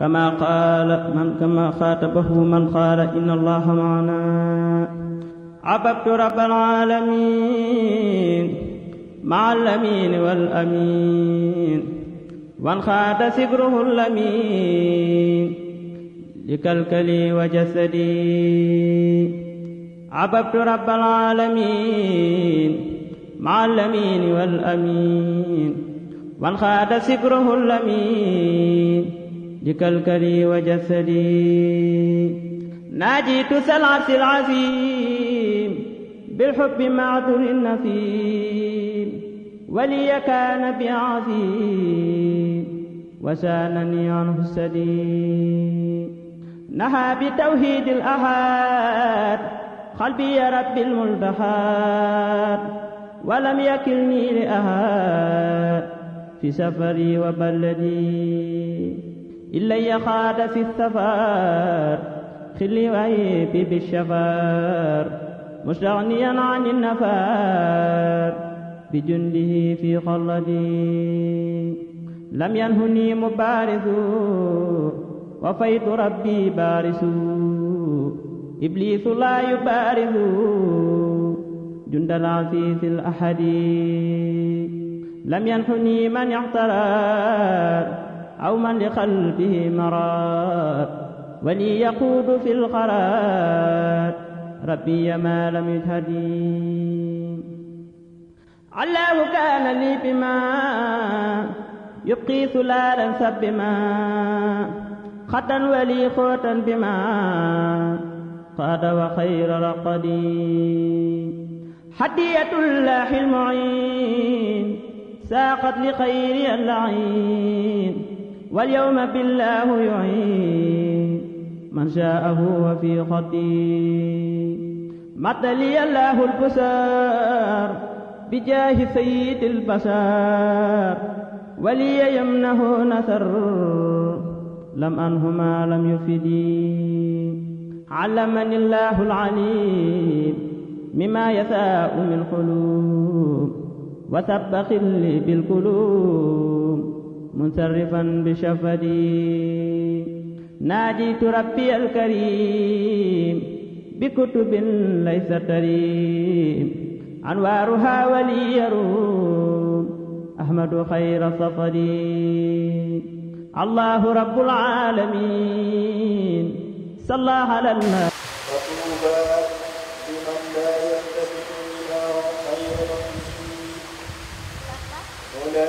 كما قال من كما خاطبه من قال إن الله معنا عبدت رب العالمين مع الأمين والأمين وانخاد سبره الأمين لكلكلي وجسدي عبدت رب العالمين مع الأمين والأمين وانخاد سبره الأمين بكلكلي وجسدي ناجيت سلعة العظيم بالحب معذر النسيم ولي كان بعظيم وسانني عنه السديم نهى بتوحيد الأحد قلبي يا رب الملتحد ولم يكلني لأحد في سفري وبلدي إلي قاد في السفر خلي وعيبي بالشفار مستغنيا عن النفار بجنده في خلدي لم ينهني مبارز وفيت ربي بارس إبليس لا يبارز جند العزيز الأحد لم ينهني من اعترار أو من لقلبه مراد ولي يقود في القرار ربي ما لم يجهدي الله كان لي بما يبقي ثلالا سبما خطا ولي خوتا بما قاد وخير رقدي حدية الله المعين ساقت لخير اللعين walyawma billaahu yuhin man shaahu wa fi xati mataliya laahu lbusaar bi jaahi sayyidi lbasaar waliya yamnahu nasar lam anhuma lam yufidi allamani laahu lalim mima yasaau min xulub wa sabba xilli bilkulub مترفا بشفتي ناديت ربي الكريم بكتب ليس تريم أنوارها ولي يروم أحمد خير صفدي الله رب العالمين صلى على الله وطوبى لمن لا يلتفت إلى خير ربه ولا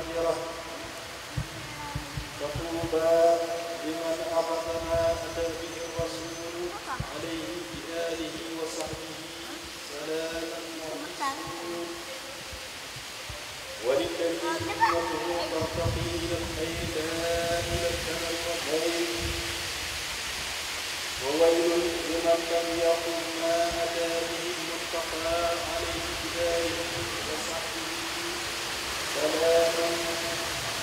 كثيرة وطول باب لمن عرف ما أتى به الرسول عليه بآله وصحبه سلام وللذين وجهه ترتقي إلى الخير لا إلى الثمن والخير وويل لمن لم يقل ما أتى به المتقى عليه بآله وصحبه سلام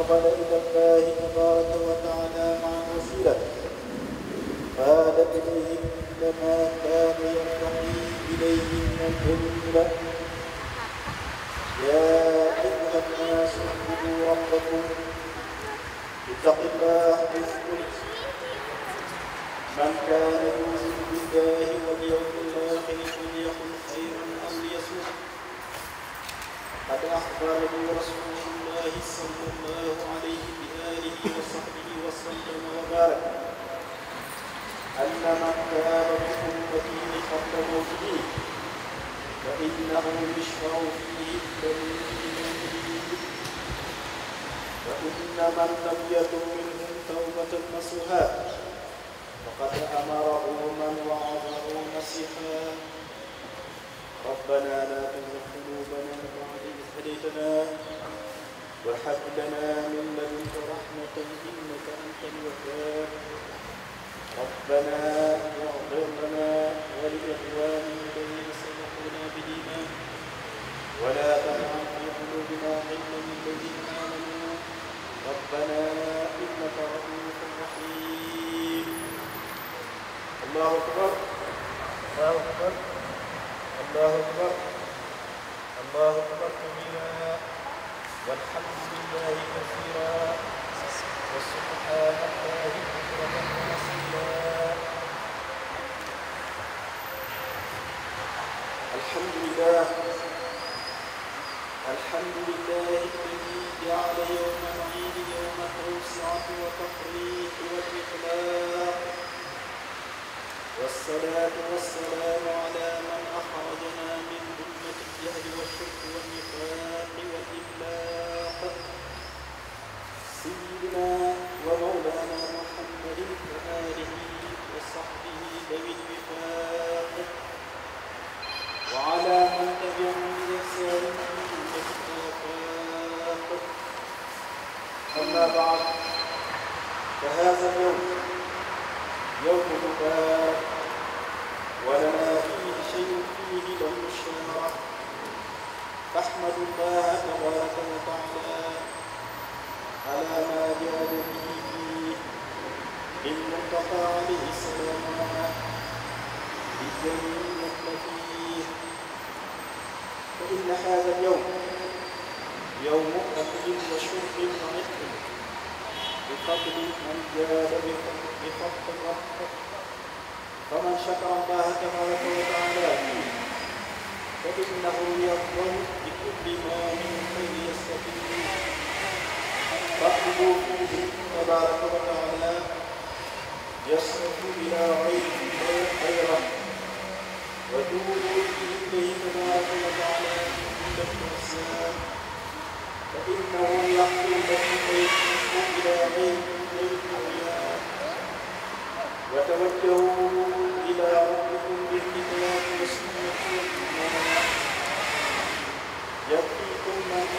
وأقبل إلى الله تبارك وتعالى مع الوسيلة قالت إليهم لما كان يرتقي إليه من الجنة يا أيها الناس اعبدوا ربكم اتقوا الله بالذل من كان يؤمن بالله واليوم الآخر فليقل خيرا أو ليصمت قد أخبرني رسول الله صلى الله عليه بآله وصحبه وسلم وبارك أن من كان في أمته قبل موته فإنه يشفع فيه وإن من لم يتب منهم توبة نصها فقد أمره من وعظه نصحا ربنا لا تزغ قلوبنا بعد هديتنا وهب لنا من لدنك رحمة إنك أنت الوهاب ربنا واغفر لنا ولإخواننا الذين سبقونا بالإيمان ولا تجعل في قلوبنا غلا للذين آمنوا ربنا إنك رؤوف رحيم الله أكبر الله أكبر الله أكبر الله أكبر كبيرا والحمد لله كثيرا وسبحان الله بكرة وأصيلا الحمد لله الحمد لله الذي جعل يوم العيد يوم توسعة وتفريح وإقلاق والصلاة والسلام على من أخرجنا من دون والجهل والشرك والنفاق والإملاق سيدنا ومولانا محمد وآله وصحبه ذوي الوفاق وعلى من تبعهم بإحسان إلى الآفاق أما بعد فهذا اليوم يوم مبارك ولنا فيه شيء فيه للمشاركة فاحمد الله تبارك وتعالى على ما جاد به المنتقى عليه السلام بالجميل التي فإن هذا اليوم يوم أكل وشرب وعتق بفضل من جاد بفضل ربك فمن شكر الله تبارك وتعالى فيه فإنه يضمن بكل ما من خير يستفيد فاطلبوا فيه تبارك وتعالى يصرف إلى غيره خيرا وجودوا فيه إليه تبارك وتعالى عند الإحسان فإنه يحكم بكم إلى غير الأولياء وتوجهوا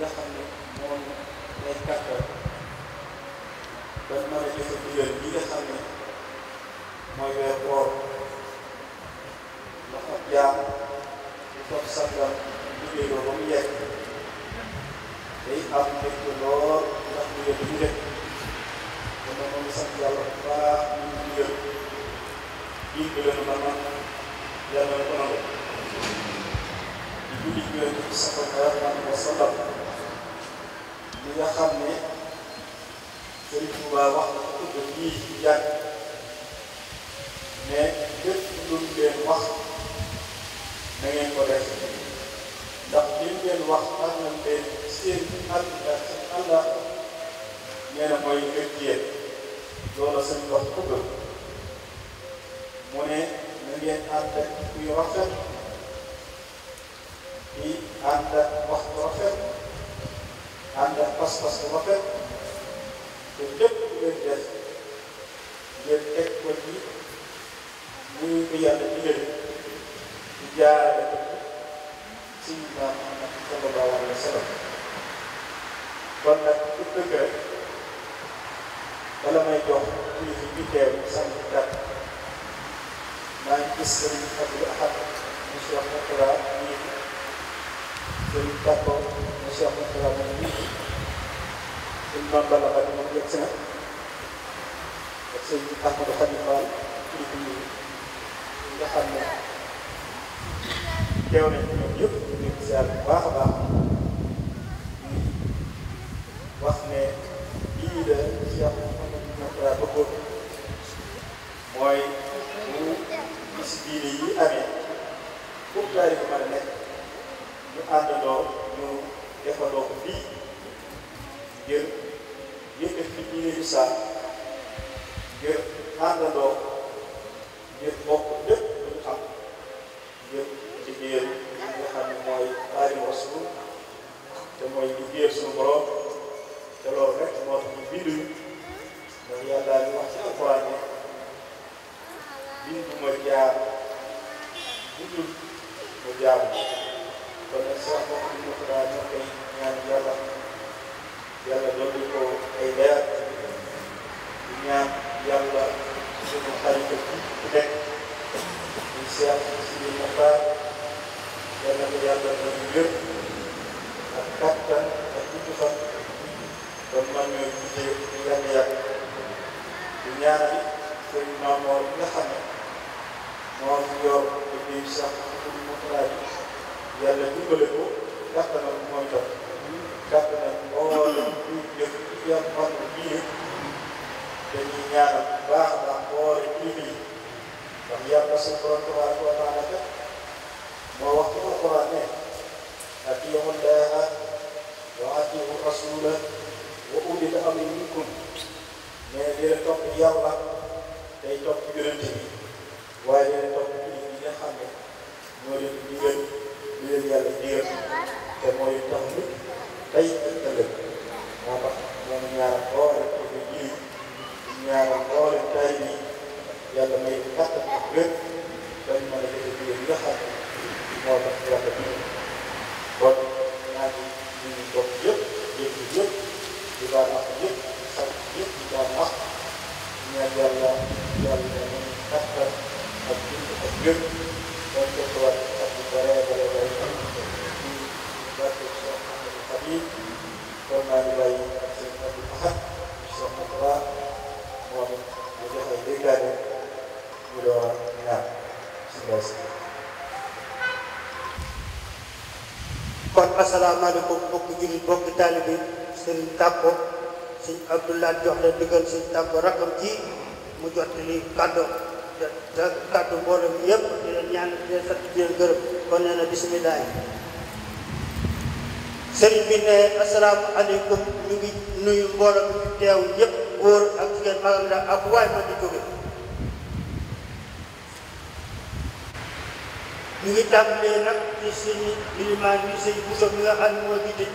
nga xam ne li xam ne Sëriñ Tuuba wax na ko ba fii ci jàng mais lépp lu leen wax na ngeen ko def ndax li leen wax ak nañ leen seen àdduna ak seen àlla nee na mooy gën yéen loola sëñ wax ko mu ne na ngeen ànd ak kuy rafet di ànd ak wax ko ànd ak pas-pas bu rafet te lépp lu ngeen def ngeen teg ko ci muy ko yàlla digal di jaarale ko ci Sayyidina Muhammad sallallahu alayhi wa sallam kon nag ku dëgg rek bala may jox kilifa bi teew sant kat maa ngi gis Sëriñ Abdul Ahad monsieur Moutara ñii Sëriñ Tako ci Cheikh Moustapha moom ñu sëñ Mame Balla Fadi moom yegg si na ak sëñ Ahmadou Khady Fall nga xam ne teew nañ ñoom yëpp ñu ngi ziar bu baax a baax wax ne lii la Cheikh Mouhamadou defandoo ko fii ngir yëkkat ci diine lislaam ngir àndandoo ngir bokk lépp lu ñu xam ngir liggéeyal xam ne mooy Xaadimu Rasuul te mooy liggéeyal suñu borom te loolu rek moo jaar budul mu jaar kon nag sax moom ñu ko daal ñaan yàlla yàlla dolli ko ay leer di ñaan yàlla suñu xarit bi ku nekk ñu seet si li mu baax yàlla ko yàlla dolli wér ak kattan ak gudd fan ba man ñoo gisee ñu yàgg yàgg di ñaan sëñ Maamoor bi nga xam ne moo fi yor liggéey sax pour mu yàlla dimbale ko kattanam mooy jot kàddu nag mboolem kuy jëf ci seen fànn bii yëpp dañuy ñaanal bu baax a baax mboolem kilifa yi ndax yàlla suñu wa taala kat moo wax ci alquran ne atiiwu llaaha wa atiiwu rasuula wa ulil amri minkum mais dina topp yàlla day topp yonent bi waaye dina topp kilifa yi nga xam ne moo leen digal li leen yàlla digal te mooy tax nit tey ëllëg moo tax moom ñaar boole ko fi ji ñaar boole tay bi yàlla may kattan ak wér dañ mën a jëfe jiw yi nga xam moo tax yàlla bi kon naa ngi nuyu bopp yëpp yëpp yëpp di baal wax yëpp sant yëpp di baal wax ñaan yàlla yàlla may kattan ak bind ak wér dañ ko ak lu bare bare bare ci barke fan yii kon naa di bàyyi seen Abdou Ahad soxna Ba moom it mu joxe déggaane ñu door jox la digal sëñ Tàkko rakam ji mu jot li kàddu te kàddu mbooloo mi yëpp di leen ñaan di leen sant di leen gërëm sëriñ bi ne asalaamaaleykum ñu ngi nuyu mbooloo bi teew yëpp góor ak jigéen mag ak ndaw ak waay ma di jóge ñu ngi tàmbalee nag ci sëñ Bousso mi ko yàlla sëriñ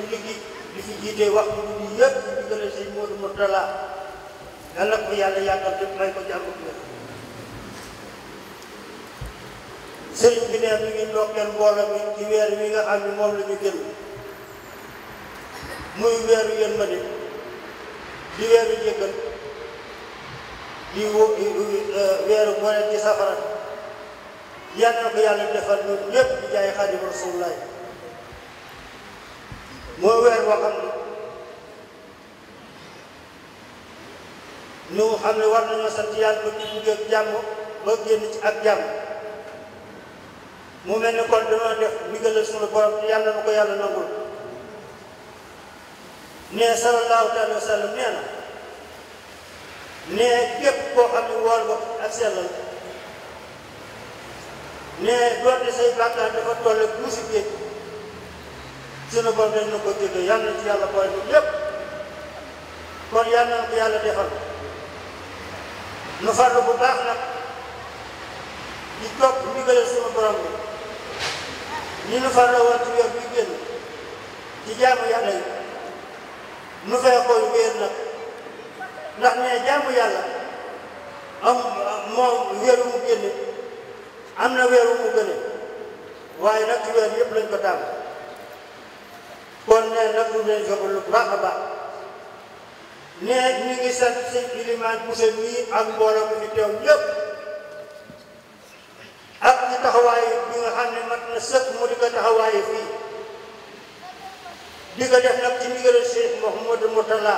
bi nga xam ne moom la gën muy weeru yërmande di weeru jéggal di eh, weeru boole ci safara yal na ko yàlla defal ñun ñëpp di jaay xaadimu rasulullaay weer boo ne ñu xam ne war nañoo sant yàlla ba ñu duggee ak jàmm ba génn ak jàmm mu mel ni kon dañoo def ndigalal sunu borom yàlla na ko yàlla nangul nee sallallahu taala wa sallam nee na nee képp koo xam ne woor nga ak sellal nee doonte say bàkkaar dafa toll ak guusi sunu borom dañ na ko jënd yàlla ci yàlla boole ñu kon yàlla na ko yàlla defal nu farlu bu baax nag di topp ndigalal sunu borom bi ni nu farla woon ci weer génn ci jaamu yàlla yi nu fay koy wéer la ndax ne jàmm yàlla am moom wéeru mu génne am na wéeru mu gëne waaye nag ci weer yëpp lañ ko tàmm kon ne nag du leen soxla lu baax a baax ne ñu ngi sant si ilimaan Buso mii ak mbooloo mi fi teew ñëpp ak ci taxawaayu bi nga xam ne mat na sëkk mu di ko taxawaayu fii di ko def nag ci ndigalu Cheikh Mouhamadou Mourtala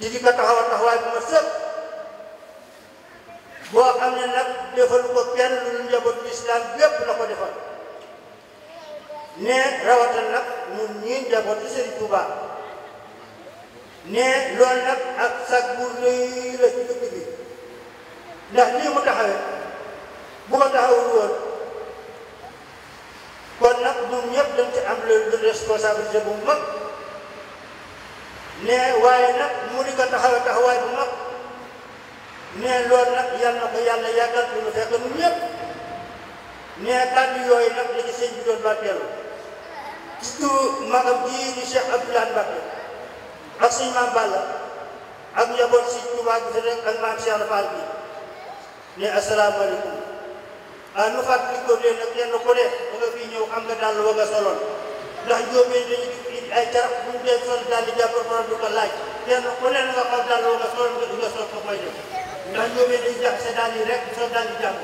ci di ko taxawal taxawaay bu ma sëkk boo xam ne nag defal ko kenn lu njabootu lislaam lépp la ko defal ne rawatal nag ñun ñii njabootu Serigne Touba ne loolu nag ak sag bu rëy la ci dëkk bi ndax lii mu taxawee bu ko taxawul woon kon nag ñun ñëpp dañ ci am le responsabilité bu mag ne waaye nag mu di ko taxawaay bu ne loolu nag yal na ko yàlla yàggal du ñu fekk ñun ne kàddu yooyu nag la ci sëñ bi doon barkeelu surtout magam jii di Cheikh Abdoulaye Mbacké ak suñu maam Balla ak njaboot si Tuubaa bi fi rek ak maam Cheikh Fall bi ne asalaamaaleykum ah lu xaat liñ ko dee nag kenn ku ne ba nga fii ñëw xam nga dàll wa nga soloon ndax jóomee dañu di indi ay caraf ñu dee sol daal di jàppal ko du ko laaj kenn ku ne nga xam dàll wa nga soloon nga sol ko koy ndax jóomee dañu jàpp sa daal yi rek sol daal di jàpp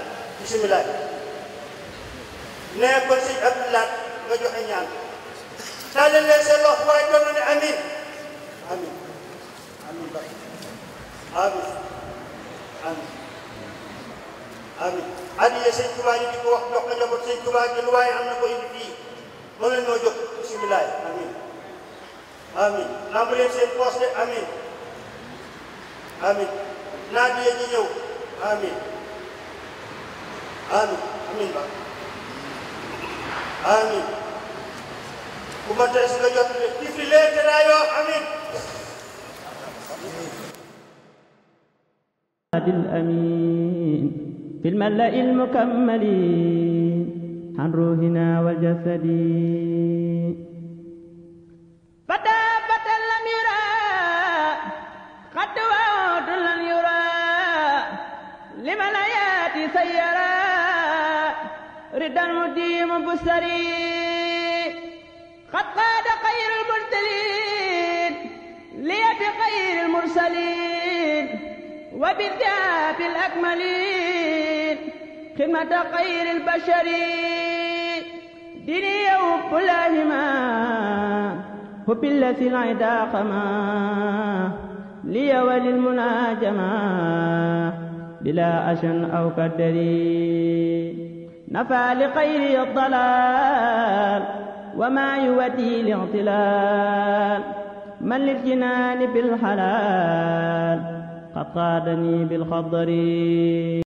bisimilah ne kon sëñ Abdoulaat nga joxe ñaan tàllal leen seen loxo waaye doon amin amin amin amin amin amiin addiya sëñ Tuubaa yi di ko wax jox ko njaboot sëñ Tuubaa yi lu waaye am na ko indi fii mën leen noo jóg bisimilaay amiin amiin lamb leen seen poos de amiin amiin naa di ji ñëw amiin amiin amiin ba amiin bu ma tee si nga jot de tifli leen te naa yoo amiin الأمين في الملأ المكمل عن روحنا والجسد فتى فتى لم يرى خطوات لن يرى لمن ياتي سيرا ردا مديم بسري قد قاد خير المرسلين ليت خير المرسلين وبالذاب الأكمل خدمة خير البشر ديني حب الأهما حب الذي العدا قما لي وللمناجما بلا أشن أو كدري نفع لخير الضلال وما يودي لاعتلال من للجنان بالحلال قد قادني بالخضر